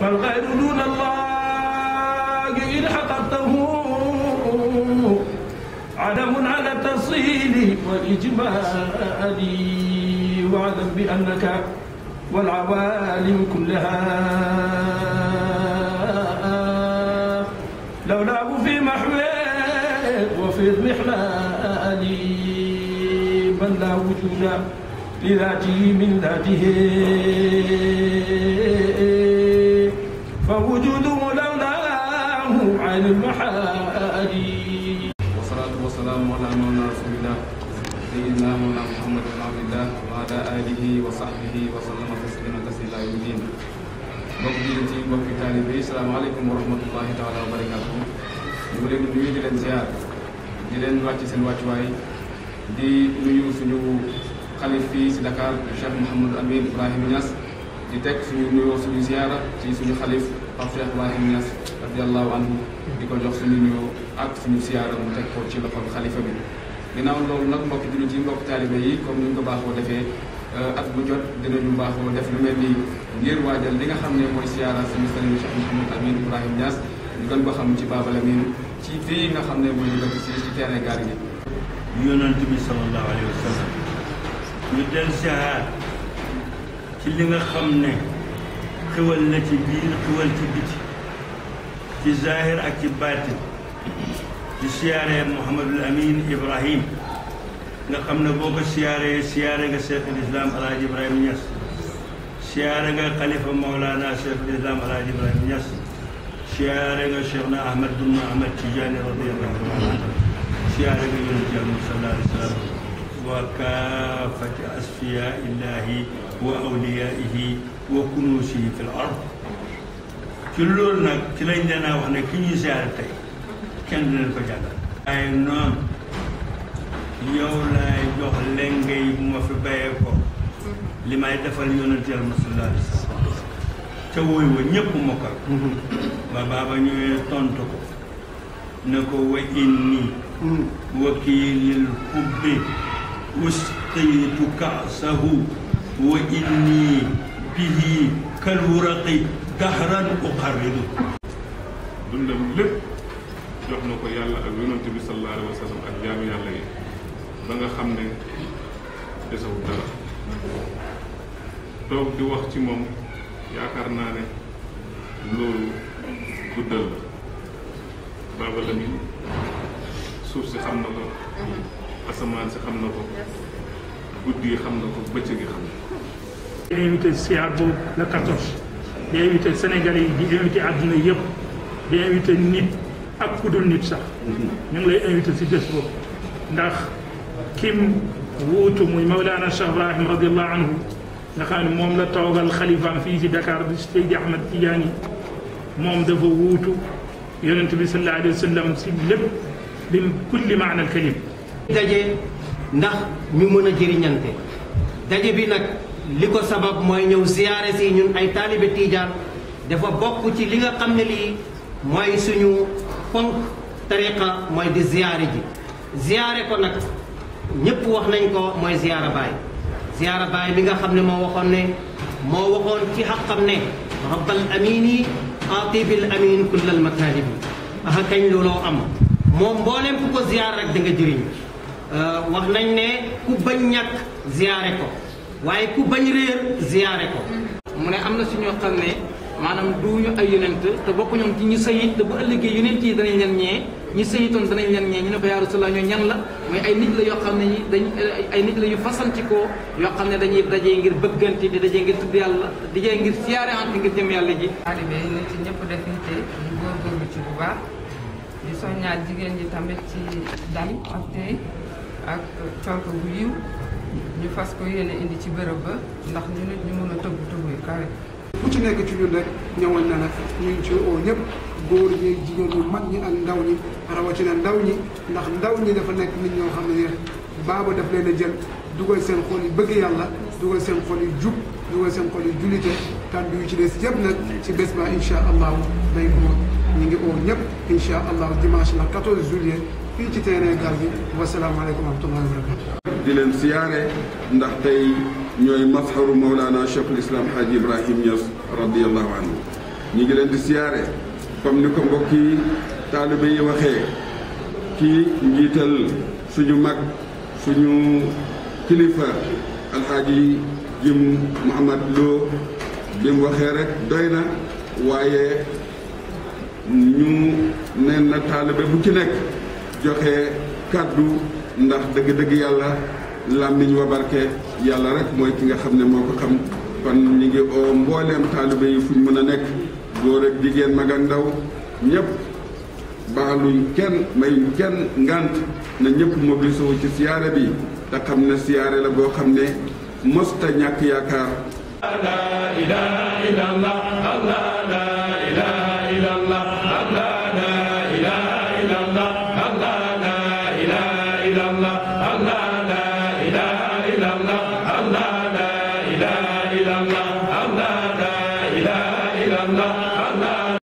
فالغير دون الله إن حققته عدم على التصيل والإجمال واعلم بأنك والعوالم كلها لولاه في محوه وفي المحلال من لا وجود لذاته من ذاته فوجوده لولاه عن المحال والصلاة والسلام على مولانا رسول الله سيدنا مولانا محمد بن عبد الله وعلى آله وصحبه وسلم تسليما تسليما يوم الدين mbokk jullit yi mbokk taalibe yi salaamaaleykum wa rahmatullahi taala wa barakaatuhu ñu ngi leen di nuyu di leen ziar di leen wàcc seen wàccuwaay di nuyu suñu xalif fii si Dakar Cheikh Mouhamadou Amine Ibrahima Niass di teg suñu nuyoo suñu ziara ci suñu xalif Pape Cheikh Ibrahima Niass radiallahu anhu di ko jox suñu nuyoo ak suñu ziara mu teg ko ci loxol xalifa bi ginnaaw loolu nag mbokki jullit yi mbokki taalibe yi comme ni ñu ko baaxoo defee euh, at bu jot dinañu baaxoo def lu mel ni ngir waajal li nga xam ne mooy siyaara suñu sëriñ Cheikh Mouhamadou Amine Ibrahima Niass ñu gën ko xam ci Baaba Lamine ci fii nga xam ne mooy dëkk si ci terrain ñu del siaar ci li nga xam ne xiwal na ci biir xiwal ci biti ci zahir ak ci baatin ci siyaaree Mouhamadul Amin Ibrahim nga xam ne boo ko siyaaree siyaare nga Cheikhul Islam El Hadj Ibrahima Niass siyaare nga xalifa Mawlana Cheikhul Islam El Hadj Ibrahima Niass siyaare nga Cheikhna Ahmad Bun Ahmad Tijaani radiyallahu anhu siyaare nga yonent Yàlla sallallahu alayhi wa sallam وكافة أصفياء الله وأوليائه وكنوزه في الأرض ci loolu nag ci lañ danaa wax ne ki ñuy ziare tey kenn du ko jàngal. waaye noonu yow laay jox lenge bu ma fi bayee ko li may defal yonent yàlla sallallahu alayhi ca woy wa ñëpp mokkal ba baaba ñëwee tontu ko ne ko wa inni hmm. wakilil hubbi أستيقظ كأسه وإني به كالورق دهرا أقرد dundam lépp jox na ko yàlla ak yonent bi sallallahu alayhi ba nga xam ne desewul dara toog di wax ci moom yaakaar naa ne loolu guddal la Baba suuf si xam na ko asamaan si xam na ko guddi yi xam na ko bëccëg yi xam na ko. di invité siyaar boobu le 14 di invité Sénégalais yi di invité àdduna yëpp di invité nit ak ku dul nit sax. Mhm. ñu ngi lay invité si bés boobu ndax kim wuutu muy Mawlana Cheikh Ibrahim radiallahu anhu nga xam ne moom la toogal xalifaam fii ci Dakar bi Seydi Ahmed Tidiane moom dafa wuutu yonent bi sallallahu alayhi wa sallam si lépp lim kulli maana al kalim daje ndax ñu mën a jëriñante daje bi nag li ko sabab mooy ñëw ziyaare si ñun ay taalibe tiijaan dafa bokk ci li nga xam ne lii mooy suñu ponk tariqa mooy di ziyaare ji ziyaare ko nag ñëpp wax nañ ko mooy ziyaara baay ziyaara baay bi nga xam ne moo waxoon ne moo waxoon ci xaqam ne rabbal amini atibil amin kullal makaribi aha kañ looloo am moom mbooleem ku ko ziyaar rek da nga jëriñ Euh, wax nañ ne ku bañ ñàkk ziyaare ko waaye ku bañ réer ziyaare ko mm-hmm. mu ne am na si ñoo xam ne maanaam duñu ay yonent te bokk ñoom ci ñu sayit te bu ëllëgee yonent yi danañ leen ñee ñi sayitoon danañ leen ñee ñu ne ko yaa Rasulullah ñoo ñan la mooy ay nit la yoo xam ne ñi dañ ay nit la yu fasantikoo yoo xam ne dañuy dajee ngir bëggante di dajee ngir tudd yàlla di dajee ngir siyaare ante ngir jëm yàlla ji taalibe yi na ci ñëpp def te ñu ci bu baax di jigéen ñi tamit ci ak cant bu yiw ñu fas ko yéene indi ci bërëb ba ndax ñu nit a tëgg tëggu yu kawe ku ci nekk ci ñun rek ñëwal na la ñu ngi ci oo ñëpp góor ñi jigéen ñi mag ñi ak ndaw ñi rawatina ndaw ñi ndax ndaw ñi dafa nekk nit ñoo xam ne baaba daf leen a jël dugal seen xol yi bëgg yàlla dugal seen xol yi jub dugal seen xol yi jullite kàddu yu ci des yëpp nag ci bés ba incha allahu day ko ñu ngi oo ñëpp incha allahu dimanche la 14 juillet fii ci terrain Gaal gi wasalaamaaleykum wa rahmatullahi wa barakatu di leen siyaare ndax tey ñooy masharu Mawlana Cheikhul Islam Hadji Ibrahim Niass radiyallahu anhu ñu ngi leen di siyaare comme ni ko mbokk yi taalibe yi waxee kii njiital suñu mag suñu kilifa alxaaji jim Mouhamad Lo bi mu waxee rek doy na waaye ñu neen na taalibe bu ci nekk joxe kàddu ndax dëgg-dëgg yàlla làmmiñ wa barke yàlla rek mooy ki nga xam ne moo ko xam kon ñu ngi oo mbooleem taalibe yi fuñ mën a nekk góor ak jigéen mag ak ndaw ñëpp baaluñ kenn mayuñ kenn ngant na ñëpp mobilisé wu ci siyaare bi te xam na siyaare la boo xam ne mësta ñàkk yaakaar la ilaha illallah la